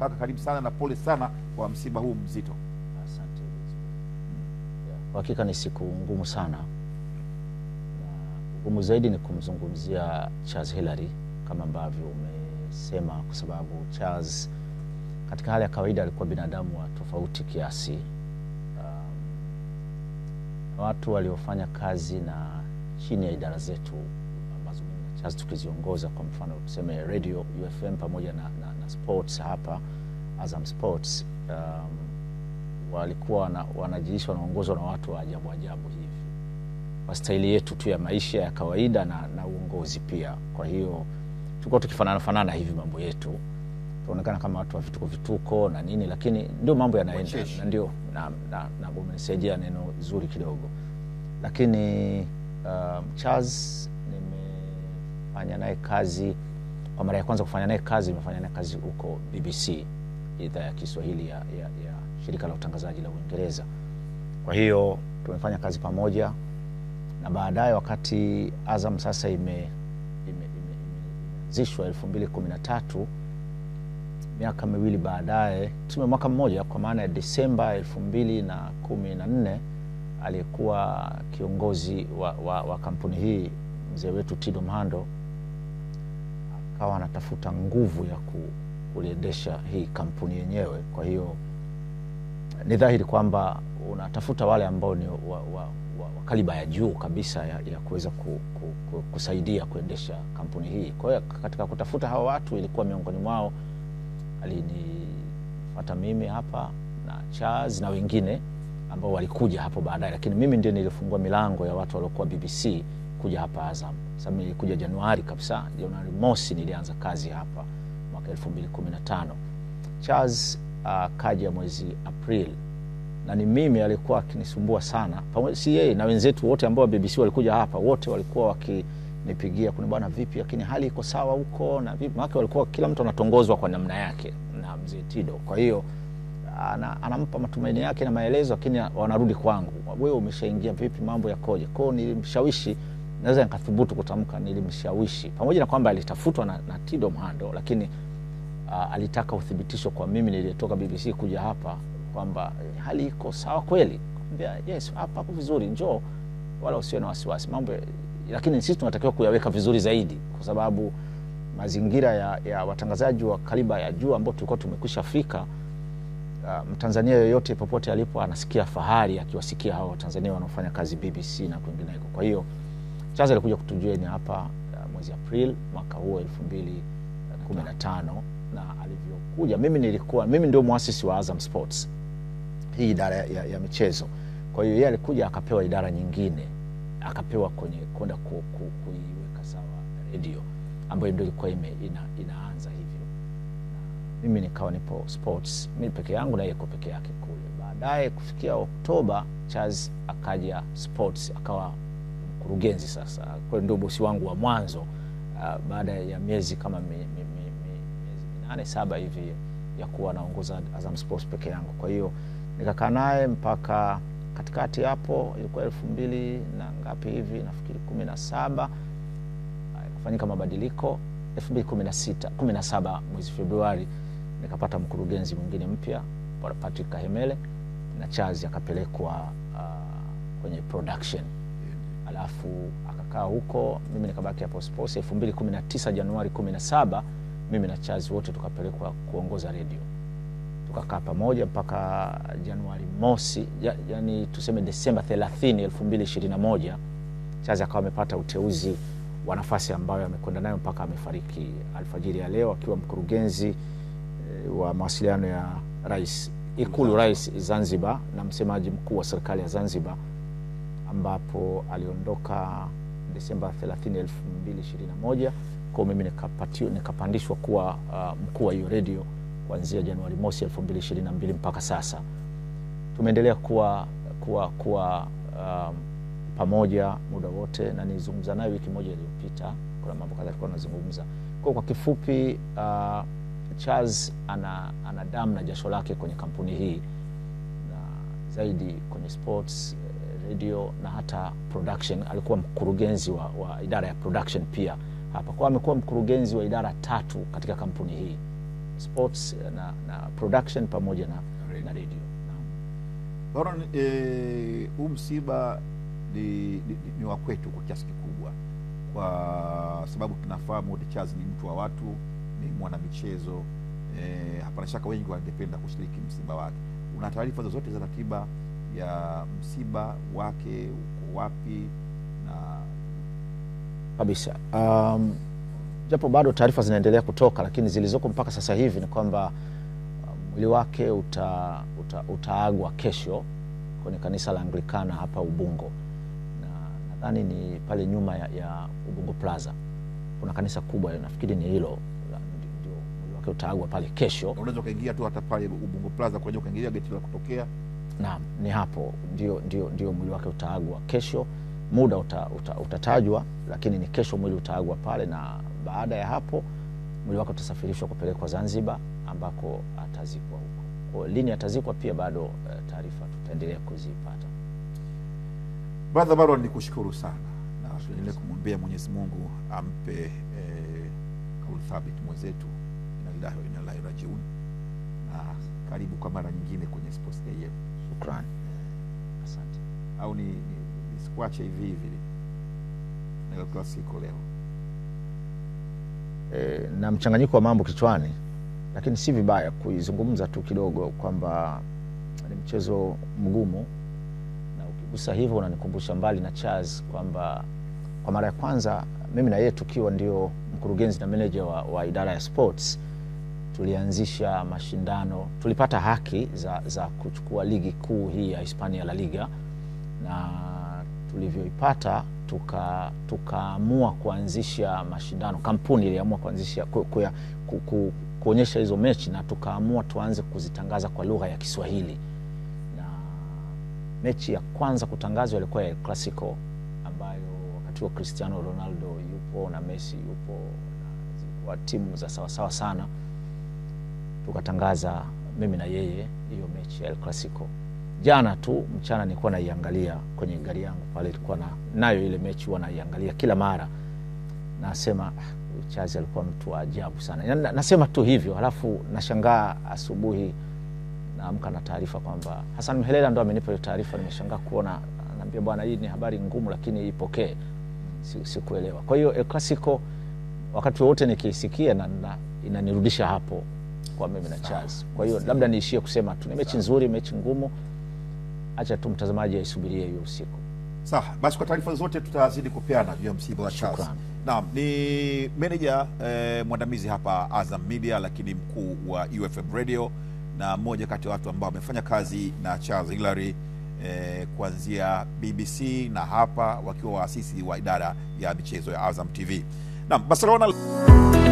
kaka, karibu sana na pole sana kwa msiba huu mzito. Asante. Hmm. hakika ni siku ngumu sana, na ngumu zaidi ni kumzungumzia Charles Hilary kama ambavyo umesema, kwa sababu Charles katika hali ya kawaida alikuwa binadamu wa tofauti kiasi. Um, watu waliofanya kazi na chini ya idara zetu ambazo mimi na Charles tukiziongoza, kwa mfano tuseme radio UFM pamoja na, na sports hapa Azam Sports um, walikuwa wana, wanajiishi wanaongozwa na watu wa ajabu ajabu hivi kwa staili yetu tu ya maisha ya kawaida na, na uongozi pia. Kwa hiyo tulikuwa tukifanana fanana hivi mambo yetu tuonekana kama watu wa vituko vituko na nini, lakini ndio mambo yanaenda na ndio na, na, na umenisaidia neno zuri kidogo, lakini um, Charles nimefanya naye kazi kwa mara ya kwanza kufanya naye kazi imefanya naye kazi huko bbc idhaa ya kiswahili ya, ya, ya shirika la utangazaji la uingereza kwa hiyo tumefanya kazi pamoja na baadaye wakati azam sasa imeanzishwa elfu mbili kumi na tatu miaka miwili baadaye tume mwaka mmoja kwa maana ya disemba elfu mbili na kumi na nne aliyekuwa kiongozi wa, wa, wa kampuni hii mzee wetu tido mhando akawa anatafuta nguvu ya kuliendesha hii kampuni yenyewe. Kwa hiyo ni dhahiri kwamba unatafuta wale ambao ni wa, wa, wa, wa kaliba ya juu kabisa ya, ya kuweza ku, ku, ku, kusaidia kuendesha kampuni hii. Kwa hiyo katika kutafuta hawa watu, ilikuwa miongoni mwao alinifata mimi hapa na Charles na wengine ambao walikuja hapo baadaye, lakini mimi ndio nilifungua milango ya watu waliokuwa BBC kuja hapa Azam. Sasa nilikuja Januari kabisa, Januari mosi nilianza kazi hapa mwaka 2015. Charles uh, kaja mwezi April na ni mimi alikuwa akinisumbua sana pamoja, si yeye na wenzetu wote ambao BBC walikuja hapa, wote walikuwa wakinipigia kuni bwana, vipi, lakini hali iko sawa huko na vipi? Maana walikuwa kila mtu anatongozwa kwa namna yake na mzee Tido, kwa hiyo ana, anampa matumaini yake na maelezo, lakini wanarudi kwangu, wewe umeshaingia vipi, mambo yakoje? Kwao nilimshawishi naweza nikathubutu kutamka nilimshawishi, pamoja na kwamba alitafutwa na, na Tido Mhando, lakini uh, alitaka uthibitisho kwa mimi niliyetoka BBC kuja hapa kwamba hali iko sawa kweli. yes, hapa hapo vizuri, njoo wala usiwe na wasiwasi mambo, lakini sisi tunatakiwa kuyaweka vizuri zaidi, kwa sababu mazingira ya, ya watangazaji wa kaliba ya juu ambao tulikuwa tumekwisha fika uh, Mtanzania yoyote popote alipo anasikia fahari akiwasikia hawa Watanzania wanaofanya kazi BBC na kwingineko. Kwa hiyo sasa alikuja kutujueni hapa uh, mwezi Aprili mwaka huo elfu mbili kumi na tano na alivyokuja, mimi nilikuwa mimi ndio mwasisi wa Azam Sports, hii idara ya, ya michezo. Kwa hiyo yeye alikuja akapewa idara nyingine, akapewa kwenye kwenda kuiweka sawa redio ambayo ndio ilikuwa ime, ina, inaanza hivyo, na mimi nikawa nipo sports mi peke yangu na yeko peke yake kule. Baadaye kufikia Oktoba Charles akaja sports akawa mkurugenzi sasa, kwa ndio bosi wangu wa mwanzo uh, baada ya miezi kama mi, mi, mi, minane saba hivi ya kuwa naongoza Azam Sports peke yangu. Kwa hiyo nikakaa naye mpaka katikati hapo, ilikuwa elfu mbili na ngapi hivi, nafikiri kumi na saba kufanyika mabadiliko elfu mbili kumi na sita kumi na saba mwezi Februari nikapata mkurugenzi mwingine mpya Bwana Patrick Kahemele na Charles akapelekwa uh, kwenye production alafu akakaa huko, mimi nikabaki hapo Sports. elfu mbili kumi na tisa Januari kumi na saba mimi na Chazi wote tukapelekwa kuongoza redio, tukakaa pamoja mpaka Januari mosi ya, yani tuseme Desemba 3221 elfu mbili ishirini na moja Chazi akawa amepata uteuzi wa nafasi ambayo amekwenda nayo mpaka amefariki alfajiri ya leo akiwa mkurugenzi eh, wa mawasiliano ya rais Ikulu rais Zanzibar na msemaji mkuu wa serikali ya Zanzibar ambapo aliondoka Desemba 30, 2021. Kwa mimi nikapandishwa kuwa uh, mkuu wa hiyo redio kuanzia Januari mosi 2022 mpaka sasa. Tumeendelea kuwa, kuwa, kuwa um, pamoja muda wote na nilizungumza naye wiki moja iliyopita. Kuna mambo kadhaa tulikuwa tunazungumza. Kwa kwa kifupi uh, Charles ana, ana damu na jasho lake kwenye kampuni hii na zaidi kwenye sports radio na hata production. Alikuwa mkurugenzi wa, wa idara ya production pia hapa kwa, amekuwa mkurugenzi wa idara tatu katika kampuni hii sports na, na production pamoja na radio, na radio. Baron, e, huu msiba ni, ni, ni wa kwetu kwa kiasi kikubwa, kwa sababu tunafahamu Odi Charles ni mtu wa watu, ni michezo e, hapana shaka wengi wangependa kushiriki msiba wake. Una taarifa zozote za ratiba ya msiba wake uko wapi na kabisa. Um, japo bado taarifa zinaendelea kutoka, lakini zilizoko mpaka sasa hivi ni kwamba um, mwili um, wake uta, uta, utaagwa kesho kwenye kanisa la Anglikana hapa Ubungo na nadhani ni pale nyuma ya, ya Ubungo Plaza kuna kanisa kubwa nafikiri ni hilo ndio mwili wake utaagwa pale kesho. Unaweza ukaingia tu hata pale Ubungo Plaza, ukaingilia geti la kutokea Naam, ni hapo ndio, ndio, ndio mwili wake utaagwa kesho. Muda uta, uta, utatajwa, lakini ni kesho mwili utaagwa pale, na baada ya hapo mwili wake utasafirishwa kupelekwa Zanzibar ambako atazikwa huko. Kwa lini atazikwa pia bado eh, taarifa tutaendelea kuzipata. bradha Brother ni kushukuru sana na tuendelee kumwombea Mwenyezi Mungu ampe eh, kauli mwenzetu, inalilahi wainalahi wa rajiun, na karibu kwa mara nyingine kwenye Sports AM shukrani. Asante. Au ni nisikuache hivi hivi kila siku leo e, na mchanganyiko wa mambo kichwani, lakini si vibaya kuizungumza tu kidogo kwamba ni mchezo mgumu, na ukigusa hivyo unanikumbusha mbali na Charles kwamba kwa mara ya kwanza mimi na yeye tukiwa ndio mkurugenzi na meneja wa, wa idara ya sports tulianzisha mashindano, tulipata haki za, za kuchukua ligi kuu hii ya Hispania La Liga, na tulivyoipata tukaamua tuka kuanzisha mashindano, kampuni iliamua kuanzisha ku, ku, ku, ku, kuonyesha hizo mechi, na tukaamua tuanze kuzitangaza kwa lugha ya Kiswahili na mechi ya kwanza kutangazwa ilikuwa El Clasico ambayo wakati huo Cristiano Ronaldo yupo na Messi yupo na zilikuwa timu za sawasawa sawa sana tukatangaza mimi na yeye hiyo mechi ya El Clasico. Jana tu mchana nilikuwa naiangalia kwenye gari yangu pale, ilikuwa na nayo ile mechi huwa naiangalia kila mara, nasema ah, Chazi alikuwa mtu wa ajabu sana. Na, nasema tu hivyo, halafu nashangaa asubuhi naamka na taarifa kwamba Hassan Mhelela ndo amenipa hiyo taarifa. Nimeshangaa kuona, anaambia bwana, hii ni habari ngumu, lakini ipokee. Sikuelewa. Kwa hiyo El Clasico wakati wote nikiisikia na, na inanirudisha hapo kwa mimi na Charles. Kwa hiyo labda niishie kusema tu ni mechi nzuri, mechi ngumu, acha tu mtazamaji aisubirie hiyo usiku. Sawa, basi kwa taarifa zote tutazidi kupeana juu ya msiba wa Charles. Naam, ni meneja eh, mwandamizi hapa Azam Media, lakini mkuu wa UFM Radio na mmoja kati ya watu ambao wamefanya kazi na Charles Hilary eh, kuanzia BBC na hapa wakiwa waasisi wa idara ya michezo ya Azam TV. Naam, Barcelona